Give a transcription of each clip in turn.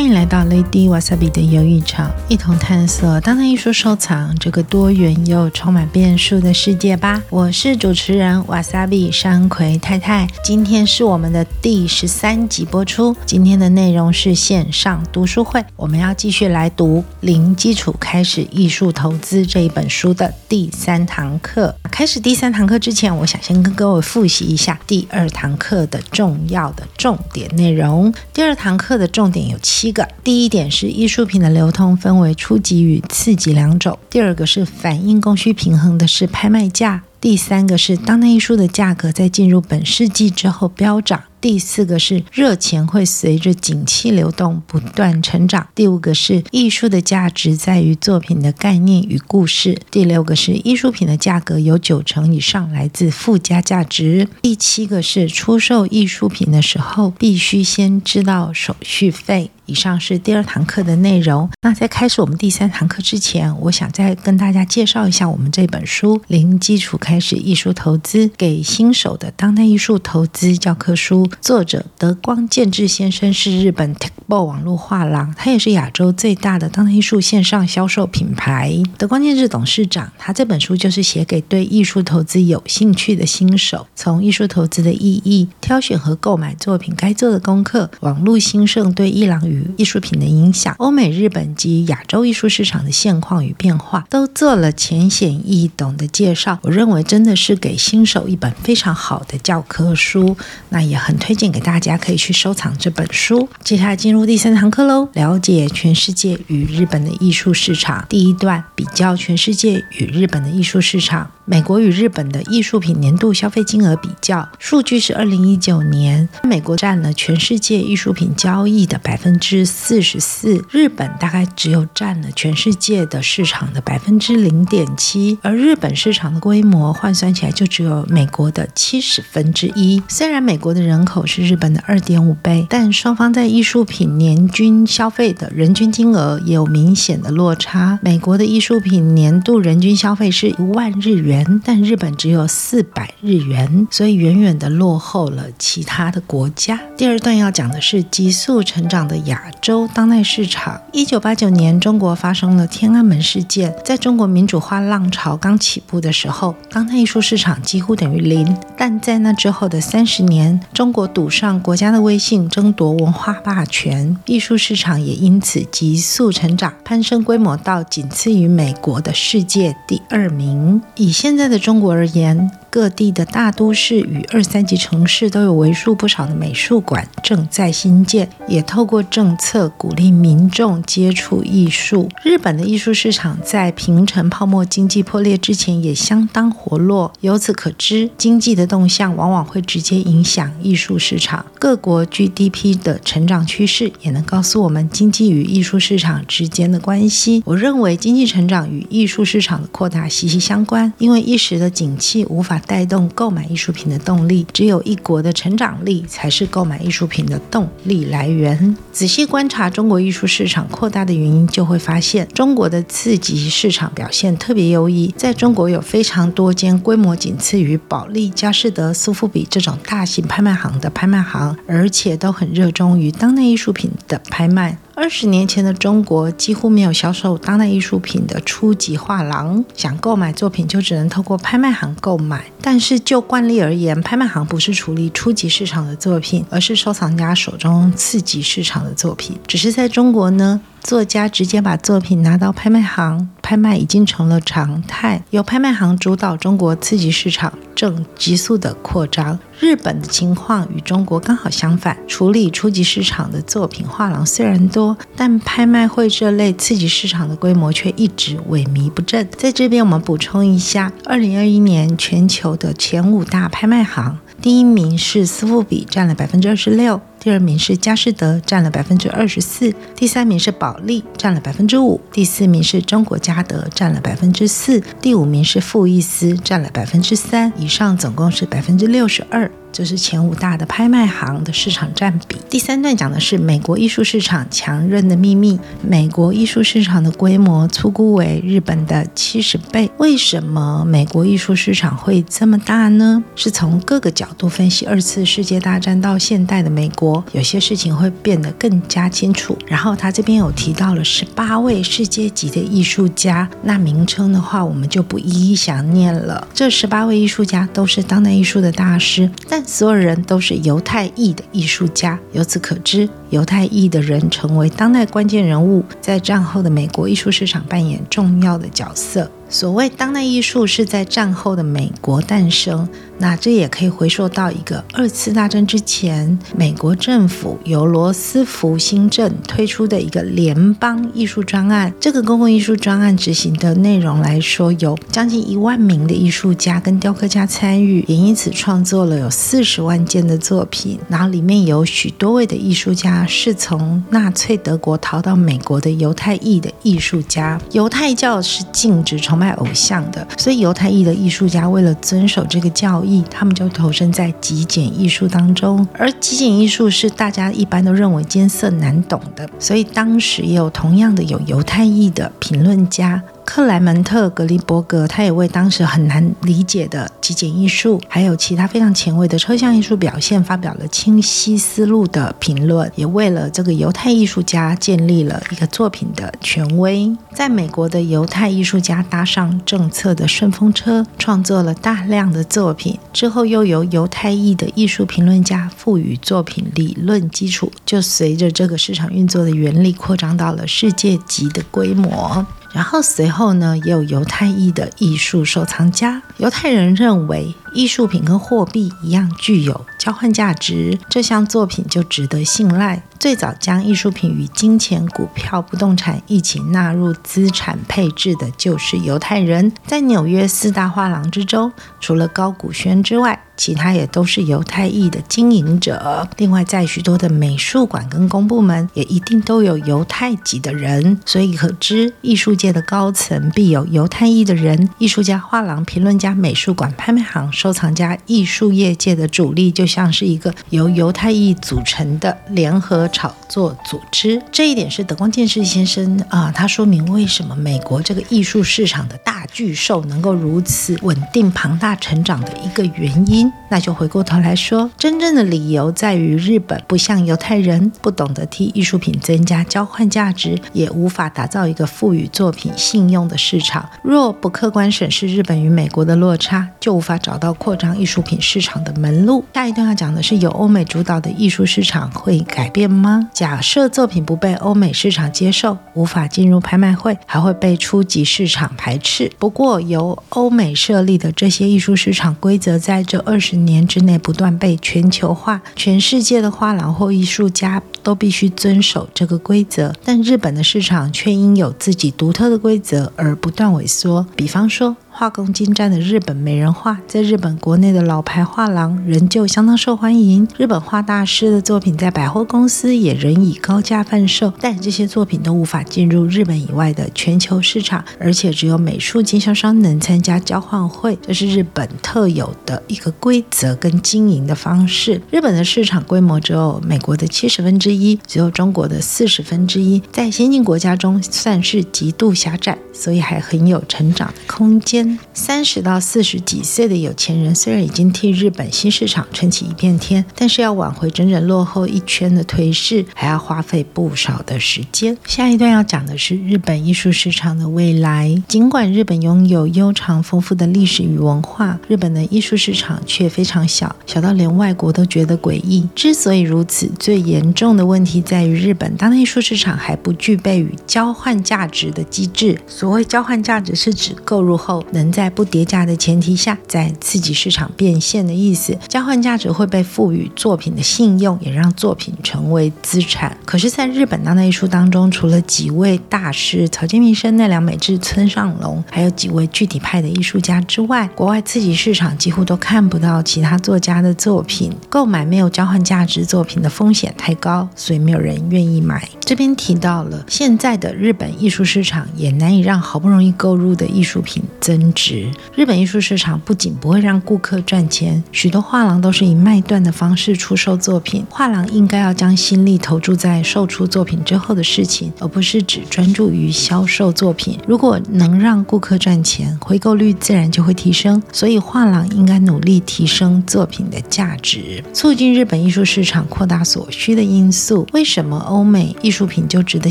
歡迎來到 Lady Wasabi 的遊藝場，一同探索當代藝術收藏這個多元又充滿變數的世界吧。我是主持人 Wasabi 山葵太太。今天是我們的第十三集播出。今天的內容是線上讀書會，我們要繼續來讀《零基礎開始藝術投資》這一本書的第三堂課。開始第三堂課之前，我想先跟各位複習一下第二堂課的重要的重點內容。第二堂課的重點有七個。一個第一點是藝術品的流通分為初級與次級兩種。第二個是反映供需平衡的是拍賣價。第三個是當代藝術的價格在進入本世紀之後飆漲。第四個是熱錢會隨着景氣流動不斷成長。第五個是藝術的價值在於作品的概念與故事。第六個是藝術品的價格有九成以上來自附加價值。第七個是出售藝術品的時候必須先知道手續費。以上是第二堂課的內容。那在開始我們第三堂課之前，我想再跟大家介紹一下我們這本書《零基礎開始藝術投資》，給新手的當代藝術投資教科書。作者德光健治先生是日本 tagboat 網絡畫廊，他也是亞洲最大的當代藝術線上銷售品牌。德光健治董事長，他這本書就是寫給對藝術投資有興趣的新手，從藝術投資的意義、挑選和購買作品該做的功課、網絡興盛對藝廊與藝術品的影響，歐美、日本及亞洲藝術市場的現況與變化，都做了淺顯易懂的介紹。我認為真的是給新手一本非常好的教科書，那也很推薦給大家可以去收藏這本書。接下來進入第三堂課嘍，了解全世界與日本的藝術市場。第一段比較全世界與日本的藝術市場。美國與日本的藝術品年度消費金額比較，數據是二零一九年，美國占了全世界藝術品交易的百分之四十四，日本大概只有占了全世界的市場的百分之零點七，而日本市場的規模換算起來就只有美國的七十分之一。雖然美國的人口是日本的二點五倍，但雙方在藝術品年均消費的人均金額也有明顯的落差。美國的藝術品年度人均消費是一萬日元。但日本只有四百日元，所以遠遠地落後了其他的國家。第二段要講的是急速成長的亞洲當代市場。一九八九年，中國發生了天安門事件，在中國民主化浪潮剛起步的時候，當代藝術市場幾乎等於零。但在那之後的三十年，中國賭上國家的威信，爭奪文化霸權，藝術市場也因此急速成長，攀升規模到僅次於美國的世界第二名。以現現在的中國而言，各地的大都市與二三級城市都有為數不少的美術館正在新建，也透過政策鼓勵民眾接觸藝術。日本的藝術市場在平成泡沫經濟破裂之前也相當活絡。由此可知，經濟的動向往往會直接影響藝術市場。各國 GDP 的成長趨勢也能告訴我們經濟與藝術市場之間的關係。我認為，經濟成長與藝術市場的擴大息息相關。因為一時的景氣無法帶動購買藝術品的動力，只有一國的成長力才是購買藝術品的動力來源。仔細觀察中國藝術市場擴大的原因，就會發現中國的次級市場表現特別優異。在中國有非常多間規模僅次於保利、佳士得、蘇富比這種大型拍賣行的拍賣行，而且都很熱衷於當代藝術品的拍賣。二十年前的中國幾乎沒有銷售當代藝術品的初級畫廊，想購買作品就只能透過拍賣行購買。但是就慣例而言，拍賣行不是處理初級市場的作品，而是收藏家手中次級市場的作品。只是在中國呢，作家直接把作品拿到拍賣行拍賣，已經成了常態。由拍賣行主導中國次級市場正急速的擴張。日本的情況與中國剛好相反，處理初級市場的作品畫廊雖然多，但拍賣會這類次級市場的規模卻一直萎靡不振。在這邊我們補充一下，二零二一年全球的前五大拍賣行，第一名是蘇富比，占了百分之二十六。第二名是佳士得，占了百分之二十四；第三名是保利，占了百分之五；第四名是中國嘉德，占了百分之四；第五名是富藝斯，占了百分之三。以上總共是百分之六十二，就是前五大的拍賣行的市場占比。第三段講的是美國藝術市場強韌的秘密。美國藝術市場的規模粗估為日本的七十倍。為什麼美國藝術市場會這麼大呢？是從各個角度分析，二次世界大戰到現代的美國。有些事情會變得更加清楚。然後他這邊有提到了十八位世界級的藝術家，那名稱的話，我們就不一一詳念了。這十八位藝術家都是當代藝術的大師，但所有人都是猶太裔的藝術家。由此可知，猶太裔的人成為當代關鍵人物，在戰後的美國藝術市場扮演重要的角色。所謂當代藝術，是在戰後的美國誕生。那這也可以回溯到一個二次大戰之前，美國政府由羅斯福新政推出的一個聯邦藝術專案。這個公共藝術專案執行的內容來說，有將近一萬名的藝術家跟雕刻家參與，也因此創作了有四十萬件的作品。然後裡面有許多位的藝術家是從納粹德國逃到美國的猶太裔的藝術家。猶太教是禁止崇拜偶像的，所以猶太裔的藝術家為了遵守這個教義。他們就投身在極簡藝術當中，而極簡藝術是大家一般都認為艱澀難懂的，所以當時也有同樣的有猶太裔的評論家。克萊門特·格林伯格，他也為當時很難理解的極簡藝術，還有其他非常前衛的抽象藝術表現，發表了清晰思路的評論，也為了這個猶太藝術家建立了一個作品的權威。在美國的猶太藝術家搭上政策的順風車，創作了大量的作品，之後又由猶太裔的藝術評論家賦予作品理論基礎，就隨着這個市場運作的原理擴張到了世界級的規模。然後隨後呢，也有猶太裔的藝術收藏家。猶太人認為藝術品跟貨幣一樣具有交換價值，這項作品就值得信賴。最早將藝術品與金錢、股票、不動產一起納入資產配置的就是猶太人。在紐約四大畫廊之中，除了高古軒之外，其他也都是猶太裔的經營者，另外在許多的美術館跟公部門也一定都有猶太籍的人，所以可知藝術界的高層必有猶太裔的人。藝術家、畫廊、評論家、美術館、拍賣行、收藏家，藝術業界的主力就像是一個由猶太裔組成的聯合炒作組織。這一點是德光健治先生啊，他說明為什麼美國這個藝術市場的大巨獸能夠如此穩定、龐大成長的一個原因。那就回過頭來說，真正的理由在於日本不像猶太人，不懂得替藝術品增加交換價值，也無法打造一個賦予作品信用的市場。若不客觀審視日本與美國的落差，就無法找到擴張藝術品市場的門路。下一段要講的是，由歐美主導的藝術市場會改變嗎？假設作品不被歐美市場接受，無法進入拍賣會，還會被初級市場排斥。不過，由歐美設立的這些藝術市場規則，在這二十年之內不斷被全球化，全世界的畫廊或藝術家都必須遵守這個規則，但日本的市場卻因有自己獨特的規則而不斷萎縮。比方說，畫工精湛的日本美人畫，在日本國內的老牌畫廊仍舊相當受歡迎。日本畫大師的作品在百貨公司也仍以高價販售，但這些作品都無法進入日本以外的全球市場，而且只有美術經銷商能參加交換會，這是日本特有的一個規則跟經營的方式。日本的市場規模只有美國的七十分之一，70, 只有中國的四十分之一，40, 在先進國家中算是極度狹窄，所以還很有成長的空間。三十到四十幾歲的有錢人雖然已經替日本新市場撐起一片天，但是要挽回整整落後一圈的頹勢，還要花費不少的時間。下一段要講的是日本藝術市場的未來。儘管日本擁有悠長豐富的歷史與文化，日本的藝術市場卻非常小，小到連外國都覺得詭異。之所以如此，最嚴重的問題在於日本當地藝術市場還不具備與交換價值的機制。所謂交換價值，是指購入後。能在不疊加的前提下，在刺激市場變現的意思，交換價值會被賦予作品的信用，也讓作品成為資產。可是，在日本當代藝術當中，除了幾位大師草間彌生、奈良美智、村上隆，還有幾位具體派的藝術家之外，國外刺激市場幾乎都看不到其他作家的作品。購買沒有交換價值作品的風險太高，所以沒有人願意買。這邊提到了現在的日本藝術市場也難以讓好不容易購入的藝術品增值。值日本藝術市場不僅不會讓顧客賺錢，許多畫廊都是以賣斷的方式出售作品。畫廊應該要將心力投注在售出作品之後的事情，而不是只專注於銷售作品。如果能讓顧客賺錢，回購率自然就會提升。所以畫廊應該努力提升作品的價值，促進日本藝術市場擴大所需的因素。為什麼歐美藝術品就值得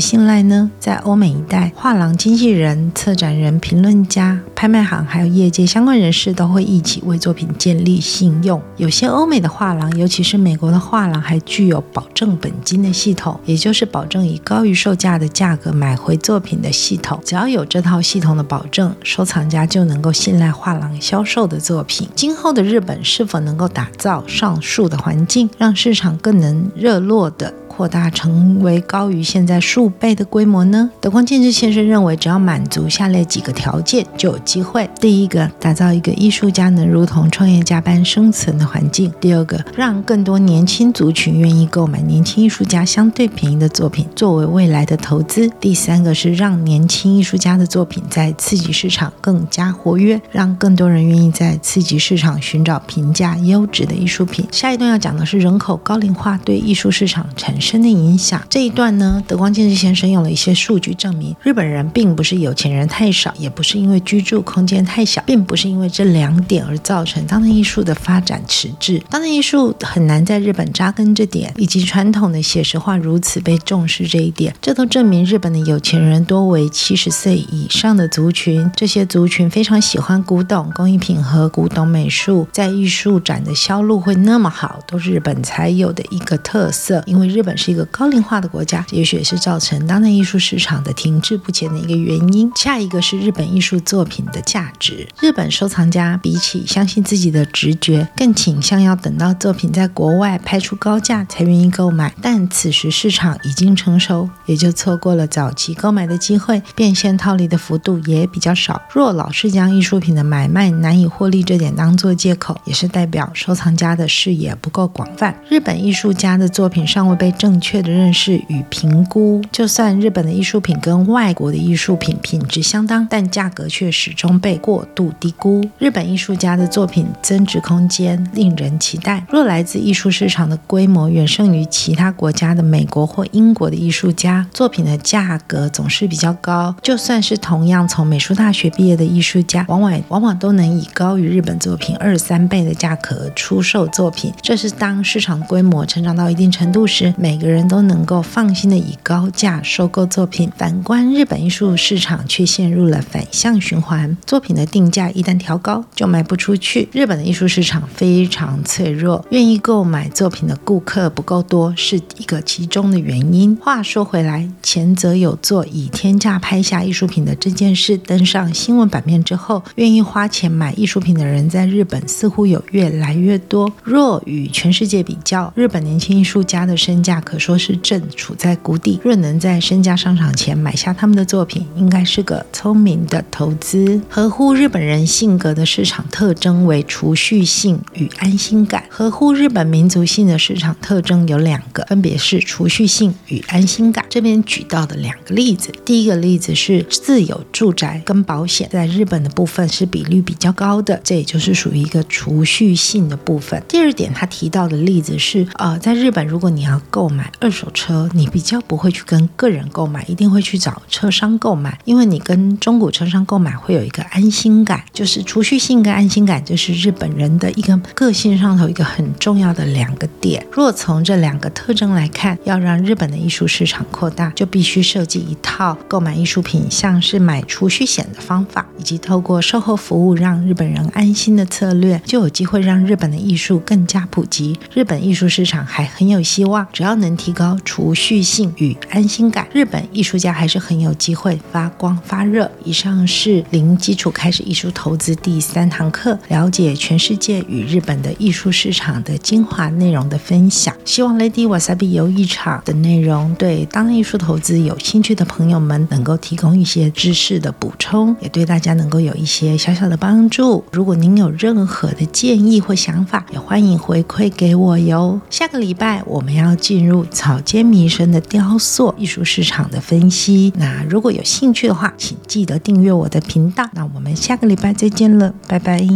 信賴呢？在歐美一帶，畫廊、經紀人、策展人、評論家、拍賣。行還有業界相關人士都會一起為作品建立信用。有些歐美的畫廊，尤其是美國的畫廊，還具有保證本金的系統，也就是保證以高於售價的價格買回作品的系統。只要有這套系統的保證，收藏家就能夠信賴畫廊銷售的作品。今後的日本是否能夠打造上述的環境，讓市場更能熱絡的，擴大成為高於現在數倍的規模呢？德光健治先生認為，只要滿足下列幾個條件就有機會：第一個，打造一個藝術家能如同創業家般生存的環境；第二個，讓更多年輕族群願意購買年輕藝術家相對便宜的作品作為未來的投資；第三個是讓年輕藝術家的作品在次級市場更加活躍，讓更多人願意在次級市場尋找平價優質的藝術品。下一段要講的是人口高齡化對藝術市場產生。生的影響，這一段呢，德光健治先生用了一些數據證明，日本人並不是有錢人太少，也不是因為居住空間太小，並不是因為這兩點而造成當代藝術的發展遲滯，當代藝術很難在日本扎根這點，以及傳統的寫實畫如此被重視這一點，這都證明日本的有錢人多為七十歲以上的族群，這些族群非常喜歡古董工藝品和古董美術，在藝術展的銷路會那麼好，都是日本才有的一個特色，因為日本。本是一個高齡化的國家，也許也是造成當代藝術市場的停滯不前的一個原因。下一個是日本藝術作品的價值。日本收藏家比起相信自己的直覺，更傾向要等到作品在國外拍出高價才願意購買，但此時市場已經成熟，也就錯過了早期購買的機會，變現套利的幅度也比較少。若老是將藝術品的買賣難以獲利這點當做借口，也是代表收藏家的視野不夠廣泛。日本藝術家的作品尚未被。正確的認識與評估，就算日本的藝術品跟外國的藝術品品質相當，但價格卻始終被過度低估。日本藝術家的作品增值空間令人期待。若來自藝術市場的規模遠勝於其他國家的美國或英國的藝術家，作品的價格總是比較高，就算是同樣從美術大學畢業的藝術家，往往往往都能以高於日本作品二三倍的價格出售作品。這是當市場規模成長到一定程度時，美。每個人都能夠放心的以高價收購作品，反觀日本藝術市場卻陷入了反向循環，作品的定價一旦調高就賣不出去。日本的藝術市場非常脆弱，願意購買作品的顧客不夠多是一個其中的原因。話說回來，前澤友作以天價拍下藝術品的這件事登上新聞版面之後，願意花錢買藝術品的人在日本似乎有越來越多。若與全世界比較，日本年輕藝術家的身價。可說是正處在谷底。若能在身家商場前買下他們的作品，應該是個聰明的投資。合乎日本人性格的市場特徵為儲蓄性與安心感。合乎日本民族性的市場特徵有兩個，分別是儲蓄性與安心感。這邊舉到的兩個例子，第一個例子是自有住宅跟保險，在日本的部分是比率比較高的，這也就是屬於一個儲蓄性的部分。第二點，他提到的例子是，呃，在日本如果你要購。買二手車，你比較不會去跟個人購買，一定會去找車商購買，因為你跟中古車商購買會有一個安心感，就是儲蓄性跟安心感，就是日本人的一個個性上頭一個很重要的兩個點。若從這兩個特徵來看，要讓日本的藝術市場擴大，就必須設計一套購買藝術品像是買儲蓄險的方法，以及透過售後服務讓日本人安心的策略，就有機會讓日本的藝術更加普及。日本藝術市場還很有希望，只要你。能提高儲蓄性與安心感，日本藝術家還是很有機會發光發熱。以上是零基礎開始藝術投資第三堂課，了解全世界與日本的藝術市場的精華內容的分享。希望 Lady Wasabi 遊藝場的內容對當代藝術投資有興趣的朋友們能夠提供一些知識的補充，也對大家能夠有一些小小的幫助。如果您有任何的建議或想法，也歡迎回饋給我喲。下個禮拜我們要進入。入草間彌生的雕塑藝術市場的分析。那如果有興趣的話，請記得訂閱我的頻道。那我們下個禮拜再見了，拜拜。